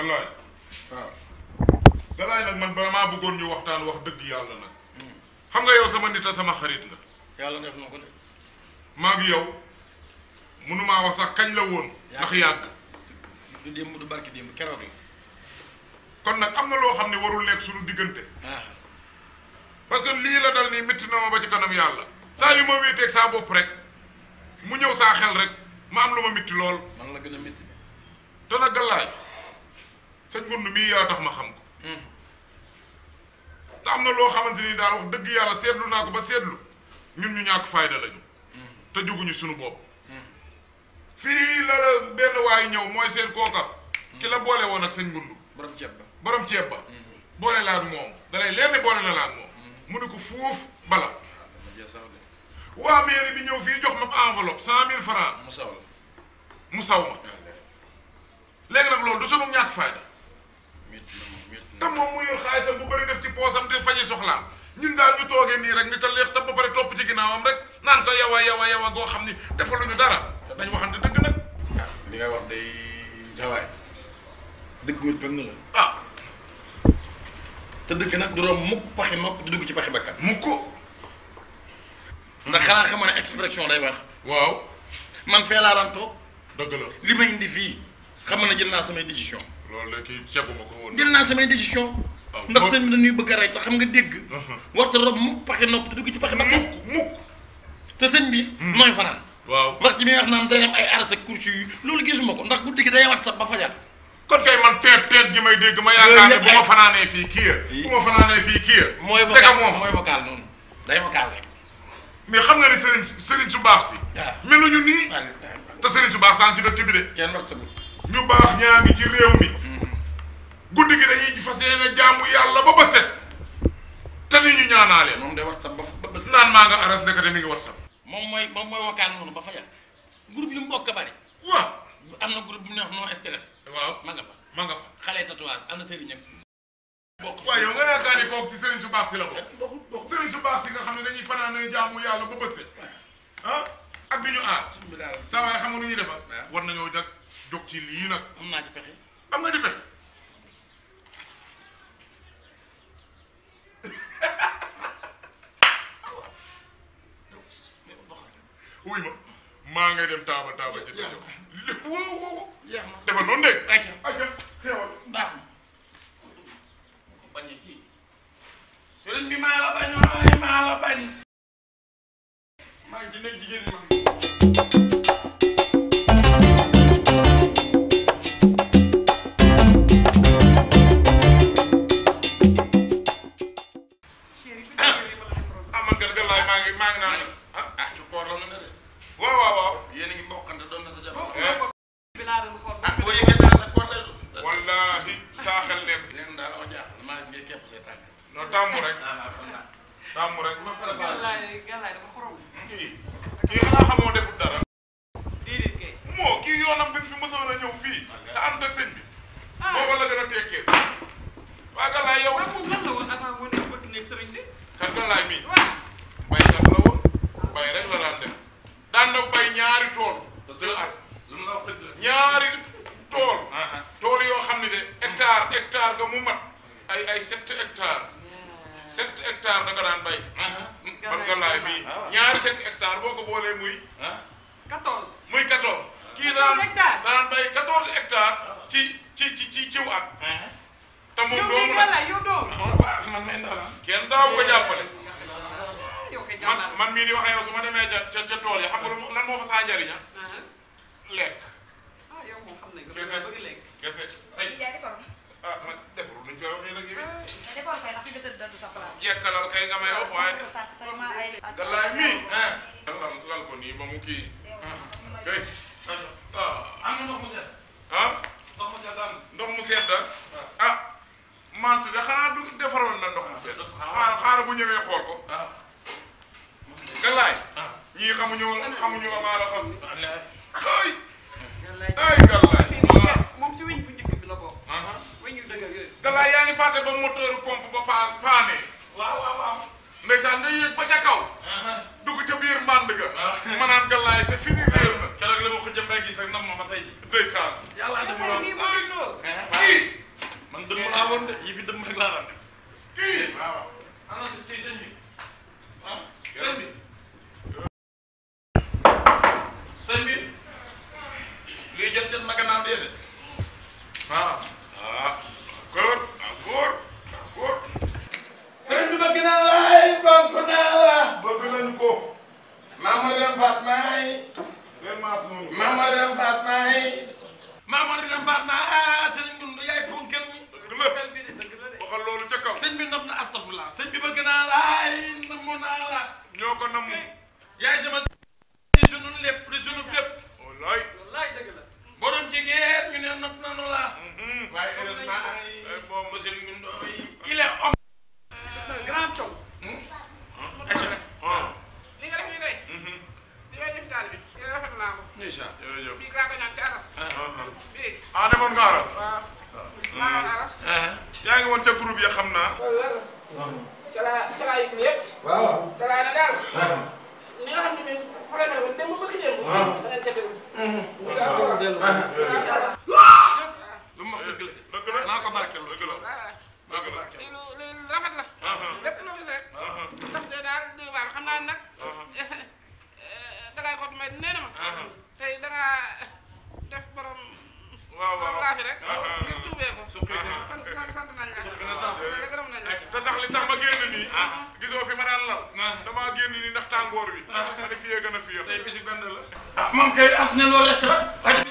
galaay waaw nag man vraiment bëggoon ñu waxtaan wax dëgg yàlla nag hmm. xam nga yow sama nit a sama xarit nga yàlla def na ko de maa ngi yow mënumaa wax sax kañ la woon ndax yàgg du démb kon nag am na loo xam ne warul nekk suñu diggante ah. parce que lii la dal nii métti na ma ba ci kanam yàlla saa yu ma wéeteeg saa bopp rek mu ñëw saa xel rek ma am lu ma métti lool man la te nag galaay sëñ Goundou mii yaa tax ma xam ko. Mm-hmm. te am na loo xamante ni daal wax dëgg yàlla seetlu naa ko ba seetlu ñun ñu ñàkk fayda lañu. Mm-hmm. te juguñu suñu bopp. Mm-hmm. fii la benn waay ñëw mooy seen kooka. ki la boole woon ak sëñ Goundou. borom ceeb ba borom boole la moom dalay leer ne boole la ak moom. mu ne ko fuuf bala. waa mairie bi ñëw fii jox ma enveloppe cent mille francs mu saw ma léegi nag loolu du sunu ñàkk fayda. te moom mu yor xaalisam bu bëri def ci poosam di faji soxlaam ñun daal ñu toogee nii rek ni tam leex te ba pare topp ci ginnaawam rek naan te yow a yow a yow a goo xam ni defaluñu dara dañ waxante dëgg nag. Ah, li nga wax day jawaay dëgguwul ah. nag du doon mukk paxi nopp di dugg ci paxi bakkan. mukk ko. ndax xanaa xam ne expression day wax. waaw man fee laa daan toog. dëgg la li ma indi fii xam na jël naa samay décision. loolu de kii ceebuma ko woon. jël naa samay décision. Ah, ndax sëñ bi dañuy bëgg a rey te xam nga dégg. Uh-huh. warta rob mukk paxe nopp te dugg ci paxe ba mukk mukk te sëñ bi. Hmm. nooy fanaan. waaw wax ci mi wax naan day am ay aras ak kursi yu loolu gisuma ko ndax guddi gi day wat sax ba fajar. kon kay man teet teet ñi may dégg ma yaakaar ne bu ma fanaanee fii kii ya. bu ma fanaanee fii kii ya. mooy vocal mooy vocal noonu day vocal rek. mais xam nga ni Serigne Serigne su baax si. waaw ah. meluñu nii. te Serigne su baax sànq ci dëkk bi de. kenn sa ñu baax ñaa ngi ci réew mi mm-hmm. guddi gi dañuy fas yéene jaamu yàlla ba ba set te ni ñu ñaanaale moom day whatsapp ba ba naan maa nga aras ndekete mi ngi whatsapp moom mooy moom mooy wakkaan noonu ba fayal groupe yu mu bokk bari waaw am na groupe bu ñuy wax non waaw ma nga fa ma nga fa xale tatouage am na sëriñam bokk waaw yow nga yaakaar ni kooku ci sëriñ su baax si la bokk eh, sëriñ su baax si nga xam ne dañuy fanaan jaamu yàlla ba ba set ah ak bi ñu aar saa waaye xam jóg ci lii nag. am naa ci am na ci pexe. ma maa ngay taaba taaba ji te jox lépp de. ay ja bi maa la bañ waaye maa la bañ. maa ngi ci tàmm rek tàmm rek. gàllaay kii kii xanaa bi mu fi mësoon a ñëw fii. Ah, te ànd ak sëñ bi. Ah. booba la gën a tekkee. yow. waaw moom lan la rek la daan daan na bay ñaari tool. Ah, dëgg la ñaari tool. tool yoo xam ne de hectare hectare ga mu mat ay ay sept sept hectares da ko daan bay. galaay bi ah. ñaar sept hectares boo ko boolee muy. Ah. quatorze muy quatorze. Ah. kii daan daan bay quatorze hectares ci ci ci ci ciw at. te moom doomu la yow kenn daaw ko jàppale. man man mii di wax ak yow su ma demee ca xam nga lan moo fa saa njariña lekk. yekkalal kay nga may wax waaye galaay mi lal lal ko nii ba mu kii eh, kay eh, eh, ah, am mu sedd ah ndox mu sedd am ndox mu sedd ah, ah. ah mantu du defaroon na ndox mu sedd xaaral xaaral bu ñëwee xool ko galaay ñii xamuñu xamuñu wa maa la xam ay ay galaay moom si weñ bu njëkk bi la bokk weñ yu dëgër yooyu galaay yaa ngi ba moteur pompe ba faa faanee waaw waaw waaw ndeysaan day yéeg ba ca kaw uh-huh. dugg ca biir mbànd ga uh-huh. ma naan gàllaay c'est fini uh-huh. réer na keroog la ma ko jëmbee gis rek nam ma ba tey ji ndeysaan yàlla def ma loolu man dëmm laa woon de yi fi dëmm rek laa faat naay. maama Deme faat naay. maama yaay ponkel mi. waxal loolu ca kaw. sëñ bi nam na astafurlah. bi bëgg naa la ay namu naa la. ñoo ko namu. yaay si sunu lépp li sunu lépp. wallaay wallaay dëgg la. borom jigéen ñu la. Mhm. waaye heureusement ay. bon monsieur Ndund il est homme. grand coow. incha allah jërëjëf bii laa ko ñaan ci aras. bii ah demoon nga aras. waaw maa ngi aras. yaa ngi woon ca groupe yi xam naa. loolu wér la. ca laa ca laa yëg yëpp. waaw ca laa ne daal. ñi nga xam ne bii xoolee na ko dem ba bëgg jéem. da ngeen ca déglu. ñu daal ko wax. lu mu wax dëgg la. dëgg la maa ko barkeel dëgg la. maa ko barkeel lu rafet la. lépp loo gisee. ndax de daal xam naa nag. naa ne fii yee gën a fii yee. tey bési benn la. ah man kay at ne loolu rek la.